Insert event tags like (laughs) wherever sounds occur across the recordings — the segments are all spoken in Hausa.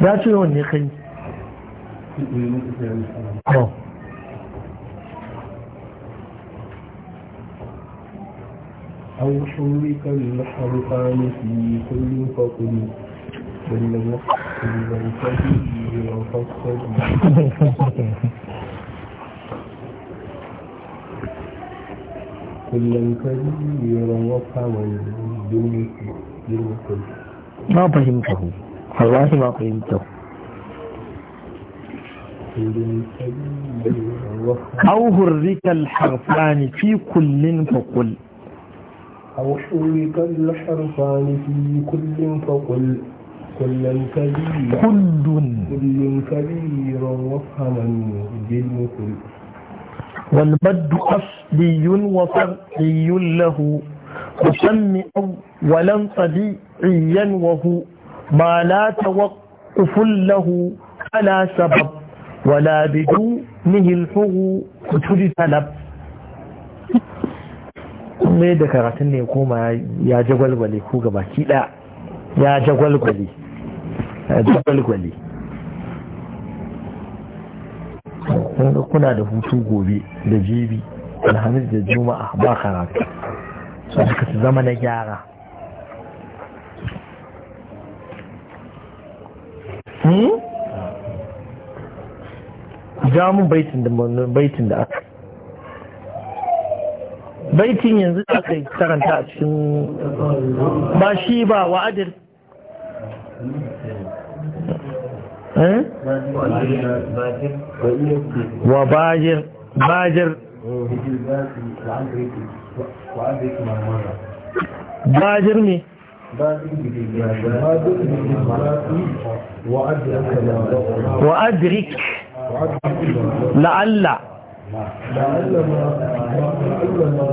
ya ce yawan ne kai an shuri kan lafarka ne fi yi kullum yi wallahi ما قيمته أو هرك الحرفان في كل فقل أو حرك الحرفان في كل فقل كل كبير كل كل كبير وفهما بالمثل والبد أصلي وفرعي له وسم أولا طبيعيا وهو ما لا توقف له على سبب ولا بدونه الحر تجتلب (laughs) kuma yadda karatun ne koma ya jagwalgwale ko gaba kiɗa ya jagwalgwale jagwalgwale kuna da hutu gobe da jibi alhamis da juma'a ba karatu su suka zama na gyara Hmm? ja mun baitin da baitin da aka baitin yanzu da aka karanta a cikin ba shi ba wa'adir eh? wa bajir bajir bajir ne وأدرك لعل لعل ما يبقى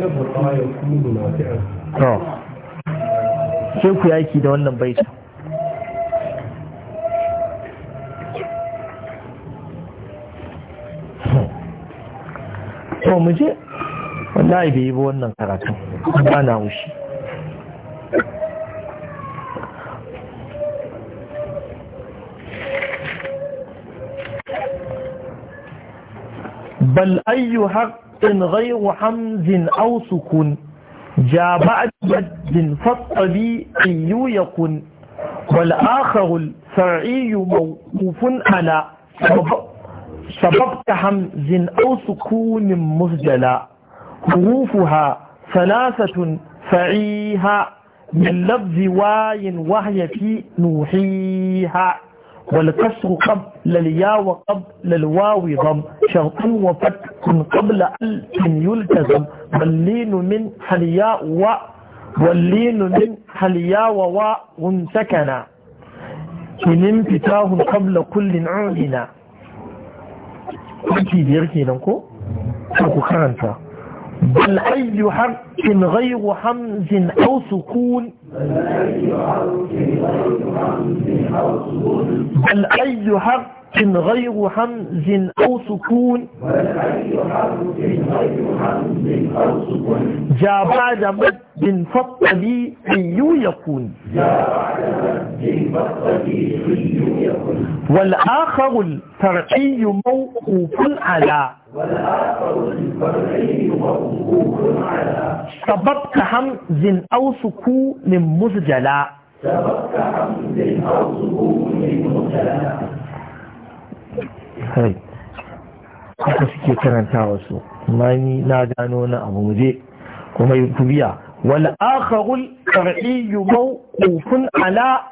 يبقى sai ku yaki da wannan baita to mu je wallahi bai yi ba wannan karatu ba na wushi بل أي حق غير حمز أو سكون جاء بعد مد فالطبيعي يكون والآخر الفرعي موقوف على سبب حمز أو سكون مسجلا حروفها ثلاثة فعيها من لفظ واي وهي في نوحيها والكسر قبل الياء وقبل الواو ضم شرط وفتح قبل ألف يلتزم واللين من حلياء و واللين من حلياء وواء سكنا إن انفتاه قبل كل عوننا كنتي ديركي ننكو ku karanta بل أي حرف غير حمز أو سكون بل أي حرف غير حمز أو سكون جاء بعد مد فالطبيعي يكون والآخر الفرعي موقوف على سببك حمز أو سكون مزجلا سببك مزجلا haka suke karanta wasu amma na gano na abu muje kuma yi kubiya wal akharul qar'i mawqufun ala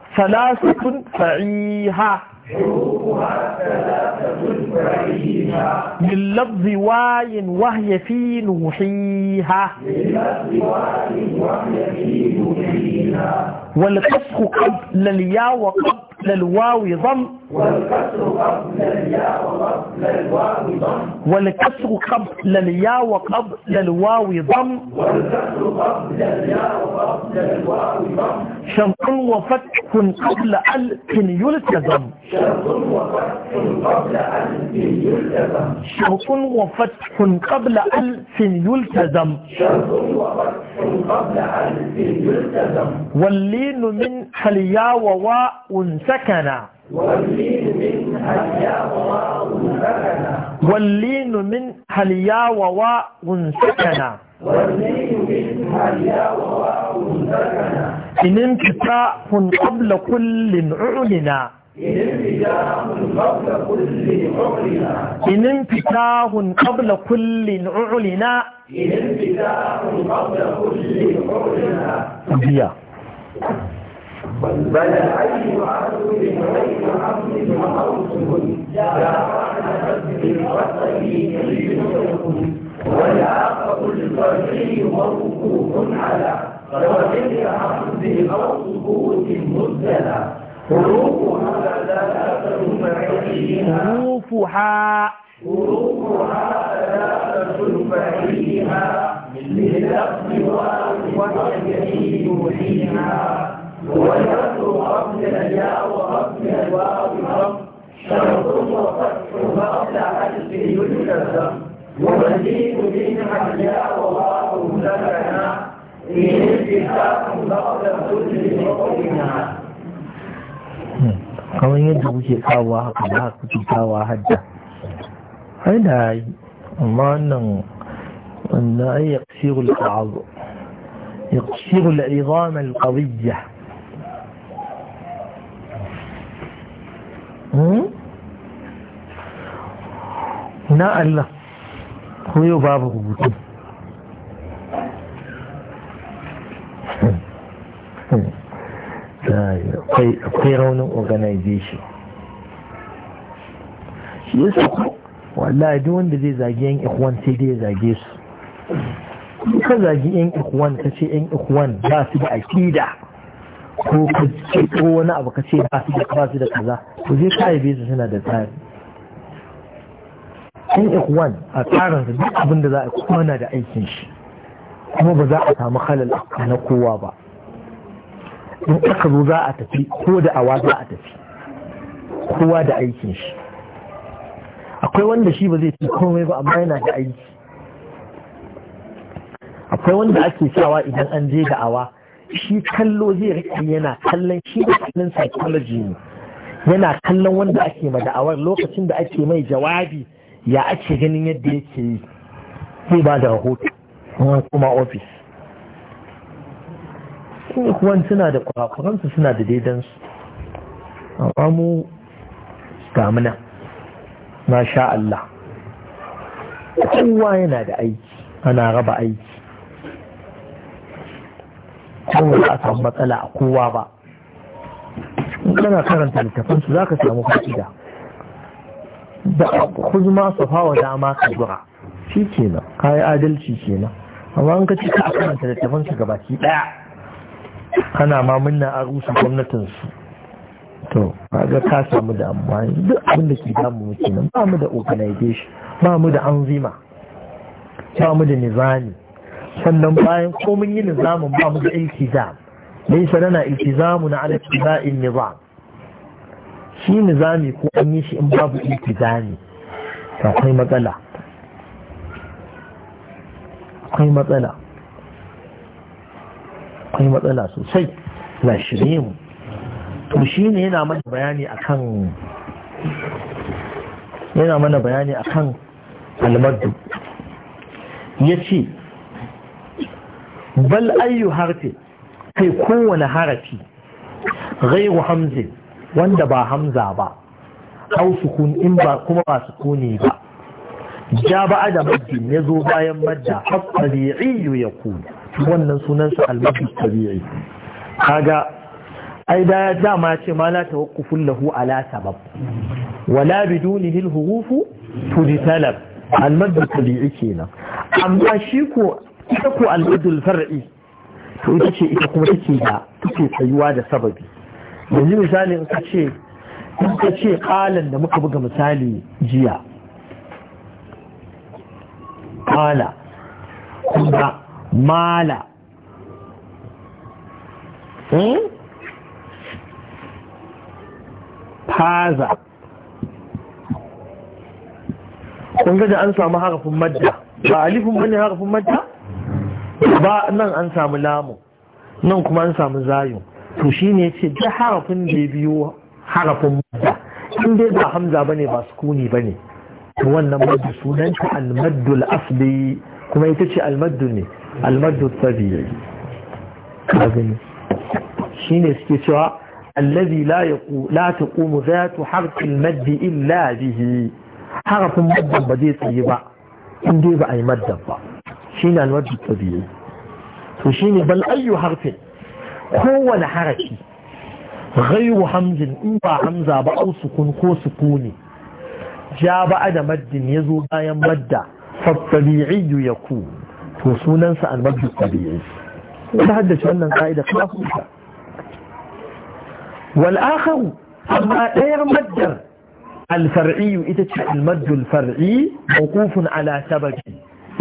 ثلاثة فعيها من لفظ واي وهي في نوحيها والكسخ قبل الياء وقبل قبل الواو ضم والكسر قبل الياء وقبل الواو ضم والكسر قبل الياء وقبل الواو ضم وفتح قبل ألف يلتزم شنق وفتح قبل ألف يلتزم وفتح قبل ألف يلتزم واللين من حليا وواء سكنا واللين من حليا وواء سكنا واللين من حليا وواء سكنا إن انفتاح قبل كل عُلنا إن انفتاح قبل كل أعلنا إن انفتاح قبل كل أعلنا بل أي عبد أي عبد وأوصه يا رحمة والطيب والعاقب البري موقوف على وكل عبد أو سكوت مبتلى حروفها لا تكون عليها حروفها حروفها لا تكون عليها للأقوى واليمين فيها هو شرط رفض الأياء ورفض الواو بحرف شرط وفتح قبل حذف يلتزم ومزيد منها الياء وواو لنا إن اتفاق بعد كل حكمها kamar yadda kuke kawo haka da haka kuke kawo hadda ai da yi amma wannan wannan ai ya kusuru al'azu ya kusuru al'izamar ƙawiyya Hmm? na Allah ko yau babu rubutu hmm. Hmm. akwai raunin organization shi ya sauko wallahi duk wanda zai zagi yan ikuwan sai dai ya zage su ka zagi yan ikuwan ka ce yan ikuwan ba su da akida ko ka ko wani abu ka ce ba su da ba su da kaza to zai ka yabe su suna da tsari in wan a tsarin su duk abin da za a kuma na da aikin shi kuma ba za a samu halal na kowa ba in aka zo za a tafi ko da awa za a tafi kowa da aikin shi akwai wanda shi ba zai fi komai ba amma yana da aiki akwai wanda ake sawa idan an je da awa shi kallo zai riƙe yana kallon shi da kallon psychology ne yana kallon wanda ake ma da'awar lokacin da ake mai jawabi ya ake ganin yadda yake yi zai ba da rahoto kuma ofis kuma kuma suna da kwakwaransu suna da daidansu amma mu gamuna masha Allah kowa yana da aiki ana raba aiki kuma ba a samu matsala a kowa ba kana karanta littafin su za ka samu fa'ida da huzma safa fawa dama ka zura shi kenan kayan adalci kenan amma an ka ci ka karanta littafin su gabaki daya kana ma munna a rusa gwamnatin su to ga ka samu da amma duk abin da ke damu mu kenan ba mu da organization ba mu da anzima ba mu da nizami sannan bayan komin yin zamun ba mu da iltizam na lana iltizamun ala ittiba'in nizam shi nizami ko an yi shi in babu iltizami akwai matsala akwai matsala akwai matsala sosai na shirye mu to shi ne yana mana bayani akan yana mana bayani akan almadu ya ce bal ayyu harfi kai kowane harafi ghairu hamzin wanda ba hamza ba aw sukun in ba kuma ba sukuni ba ja ba da maddin ya zo bayan madda tabi'i ya kuna wannan sunansa almaddu tabi'i kaga ai da dama ce ma la tawaqqufun lahu ala sabab wala bidunihi alhurufu tudtalab almaddu tabi'i kenan amma shi ko ita ko al'adul far'i to ita ce ita kuma take da take tsayuwa da sababi yanzu misali in ka ce in ka ce kalan da muka buga misali jiya kala kuma mala hmm? faza kun ga an samu harafin madda ba alifin bane harafin madda ba nan an samu lamu nan kuma an samu zayu to shi ne ce da harafin da biyo harafin madda in dai ba hamza ba ne, ba sukuni ne. wannan madda sunan ta almaddu al kuma ita ce almaddu ne almaddu tabi'i kazini shi ne suke cewa allazi la yaqu la taqumu zatu harfi al-madd illa bihi harafin madda ba zai tsaye ba in dai ba a yi madda ba shine alwajhu tabi'i to shine bal ayyu harfin kowane haraki ghayru hamzin in ba hamza ba au sukun ko sukuni ja ba da maddin zo bayan madda fa tabi'i yakun to sunansa alwajhu tabi'i ta haddace wannan ka'ida kuma kuka wal akharu amma ɗayar maddar الفرعي إتتشع المد الفرعي موقوف على سبب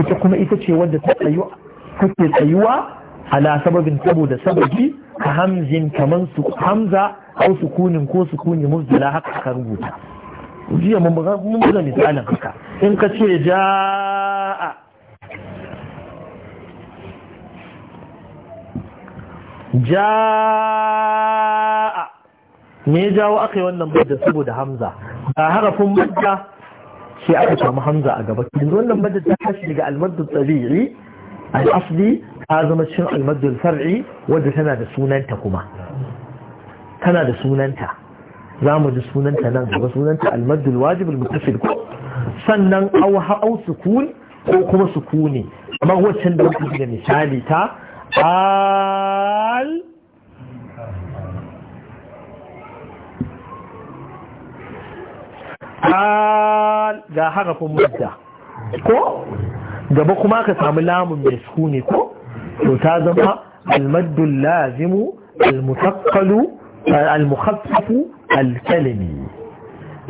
ita kuma ita ce wadda ta tsayu tsayuwa ala sababin saboda sababi ka hamzin kaman su hamza ko sukunin ko sukuni muzdala haka aka rubuta jiya mun buga mun buga misalin haka in ka ce jaa jaa me ya jawo aka yi wannan madda saboda hamza ga harafin mudda sai aka samu hamza a gaba yanzu wannan madad ta tashi daga almaddu tabi'i al-asli ta zama cikin almaddu far'i wadda tana da sunanta kuma tana da sunanta za mu ji sunanta nan gaba sunanta almaddu wajib al-muttasil ko sannan aw au sukun ko kuma sukuni Amma wacce da wata da misali ta al قال ga harafin mudda ko gaba kuma ka samu lamun mai sukuni ko to ta zama almaddu lazimu almutaqalu alkalimi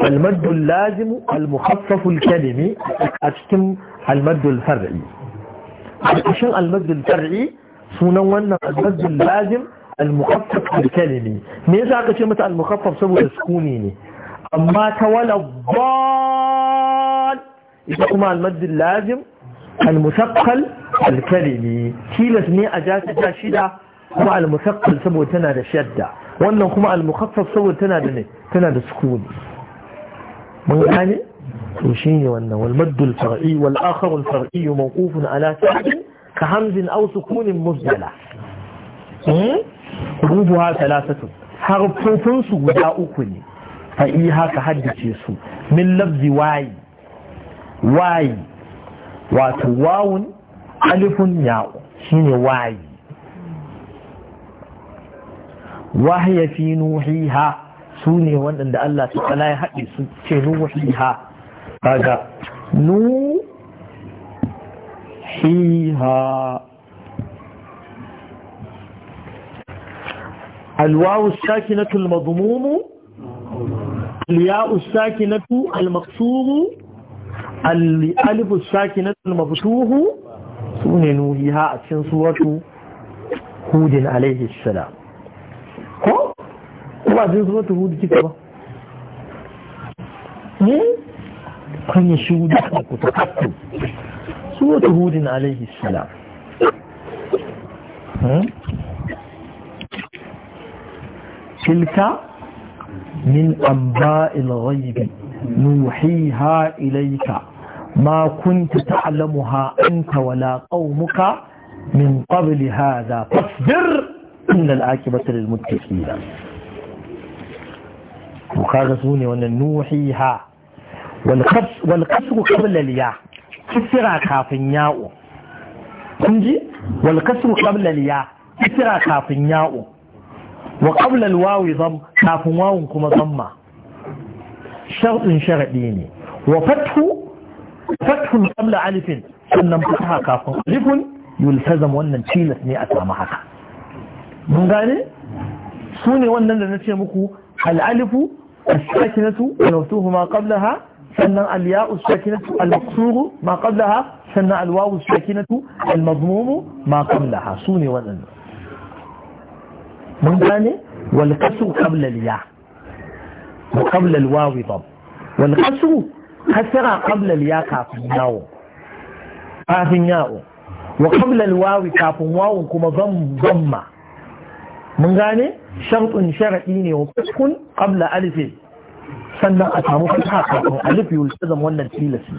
almaddu lazimu almukhaffafu alkalimi a cikin almaddu alfar'i a cikin almaddu alfar'i sunan wannan almaddu lazim almukhaffaf alkalimi me yasa aka ce mata almukhaffaf saboda sukuni ne أما تولى الضال إذا كما المد اللازم المثقل الكلمي تيلس مي أجاسة شدة هو المثقل سبو تناد شدة وأنه كما المخفف سبو تناد إيه؟ تناد سكون من يعني وشيني وأنه والمد الفرعي والآخر الفرعي موقوف على سعد كهمز أو سكون مزدلة حروفها ثلاثة حرف صوتنسو ودا أكوني fa'iha ka haddace su min lafzi wayi wayi wato wawun alifun ya'u shine wayi wahiya fi nuhiha su ne waɗanda Allah ta tsala ya haɗe su ce nuhiha kaga nuhiha الواو الساكنة المضموم الياء الساكنة المقصور الألف الساكنة المفتوح سنة نوهيها أتشن سورة هود عليه السلام هو أتشن سورة هود كتابة كان يشود كتابة سورة هود عليه السلام تلك min amba'il ghaibi nuhiha ilayka ma kunta ta'lamuha anta wala qaumuka min qabli hadha fasbir inna al-akibata lil muttaqin to kaga sune wannan nuhiha wal qas wal qasru qabla al kisra kafin ya'u kun wal qasru qabla al kisra kafin ya'u وقبل الواو ضم كافن واو كما ضم شرط شرعي وفتح فتح قبل ألف سنن فتحها كافن ألف يلتزم ان تشيلت ني أسامة حكا من قال سوني وأن نتي مكو الألف الساكنة ونوتوه ما قبلها سنن الياء الساكنة المقصور ما قبلها سنن الواو الساكنة المضموم ما قبلها سوني وأن نتشي mun gane wal kasru ya wa qabla al waw dab wal kasru ya kafin yawo kafin yawo wa qabla al kafin wawun kuma zam ma mun gane shartun shar'i ne wa kun qabla alif sannan a samu fata kafin alif yultazam wannan tilasi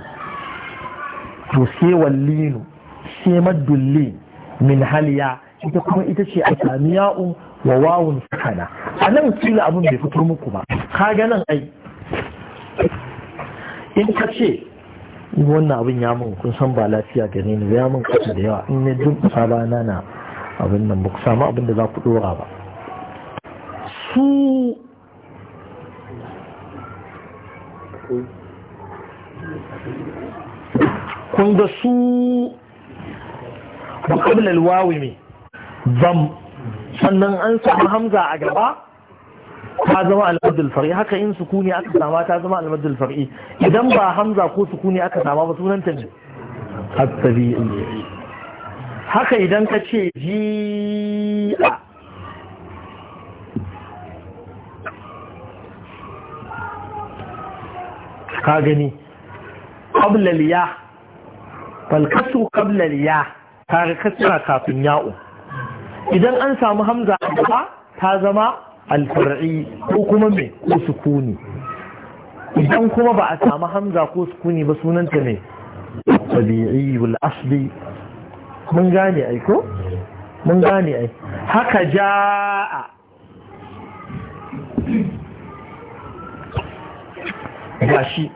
to sai wallinu sai maddulli min haliya ita kuma ita ce a sami ya'un wa wawun sakana a nan kila abin bai fito muku ba ka ganin ai in ka ce wannan abin ya mun kun san ba lafiya gare ni ya mun kasu da yawa in ne duk ba na na abin nan ba ku samu abin da za ku dora ba su kun ga su ba kabla alwawi me zam sannan an samu hamza a gaba ta zama almadul far'i haka in sukuni aka sama ta zama almadul far'i idan ba hamza ko sukuni aka sama ba sunanta ne asabi haka idan ka ce ji'a ka gani qablal ya fal kasru qablal ya ka kasra kafin ya'u idan an samu hamza a gaba ta zama alfar'i ko kuma me ko sukuni idan kuma ba a samu hamza ko sukuni ba sunanta ne tabi'iyyul asli mun gane ai ko mun gane ai haka ja'a gashi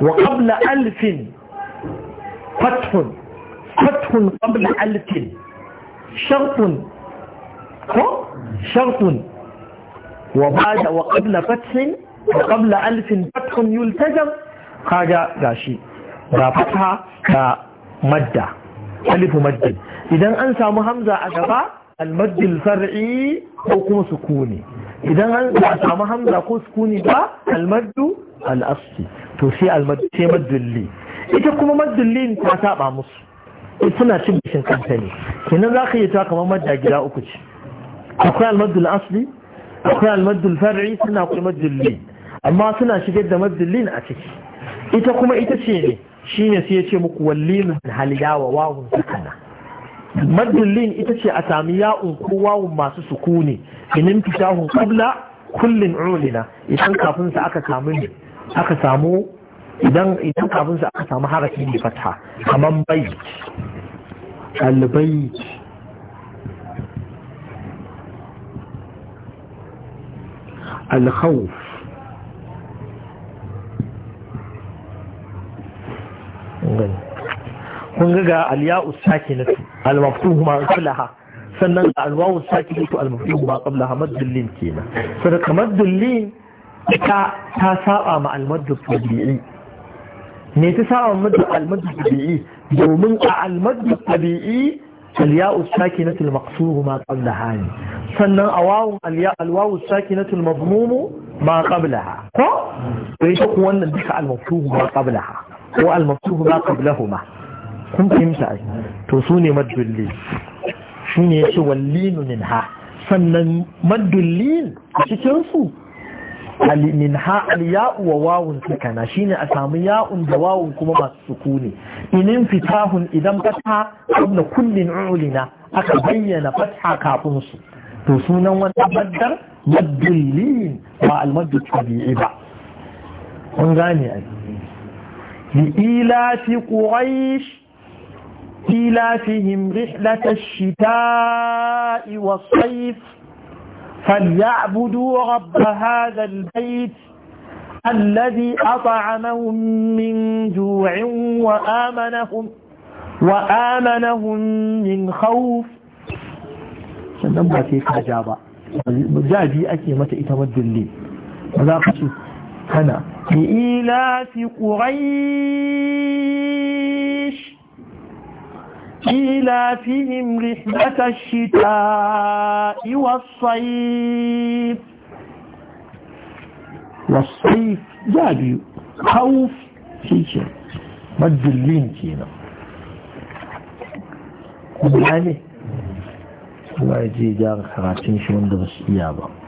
wa qabla alfin fathun fathun qabla alfin shartun ko shartun wa bada wa qabla fathin wa qabla alfin fathun yultajam kaga gashi ga fatha ga madda alifu maddin idan an samu hamza a gaba almaddin far'i ko kuma sukuni idan an samu hamza ko sukuni ba almaddu al'asli to sai maddulli ita kuma maddullin ta saɓa musu suna cin bishin kanta kenan za ka yi ta kamar madda gida uku ce akwai almaddul asli akwai almaddul far'i suna kuma maddul amma suna shigar da maddul a ciki ita kuma ita ce ne shi ne sai ya ce muku wallin halyawa wawun sakana maddul ita ce a sami ya'un ko wawun masu sukuni inin fitahun kabla kullin ulina idan kafin aka samu ne aka samu idan aka samu harafi ne fata kamar bai albayt alkhawf kun ga ga alya'u sakinatu al-maftuhu ma qablaha sannan ga alwawu sakinatu al-maftuhu ma qablaha maddul kenan sai kamar dullin ta ta saba ma al tabi'i me ta sa madu almadu tabi'i domin a almadu tabi'i الياء الساكنة المقصور ما قبلها سنة أواو ko الساكنة المضموم ما قبلها ويشق وأن ma المفتوح ما قبلها هو ma ما قبلهما kun fahimta ai to su ne maddulli shi ne ya ce wallinu ha sannan maddulli a cikinsu min ha yau wa wawun sukana shine a samu ya'un da wawun kuma masu sukuni inin fitahun idan fata qabla kullin ulina aka bayyana fatha kafin su to sunan wannan maddar maddulin ba al-maddu tabi'i ba kun gane ai li ila fi quraish إلى فيهم رحلة الشتاء والصيف فليعبدوا رب هذا البيت الذي أطعمهم من جوع وآمنهم, وآمنهم من خوف sannan ba sai ka ja ba ji ake mata ita madulli ba za ka ce kana fi ila fi ƙurai إيلافهم رحلة الشتاء والصيف والصيف جابي خوف شيء مجلين كينا مجلين الله يجي جاغ خراتين شو من درس إيابا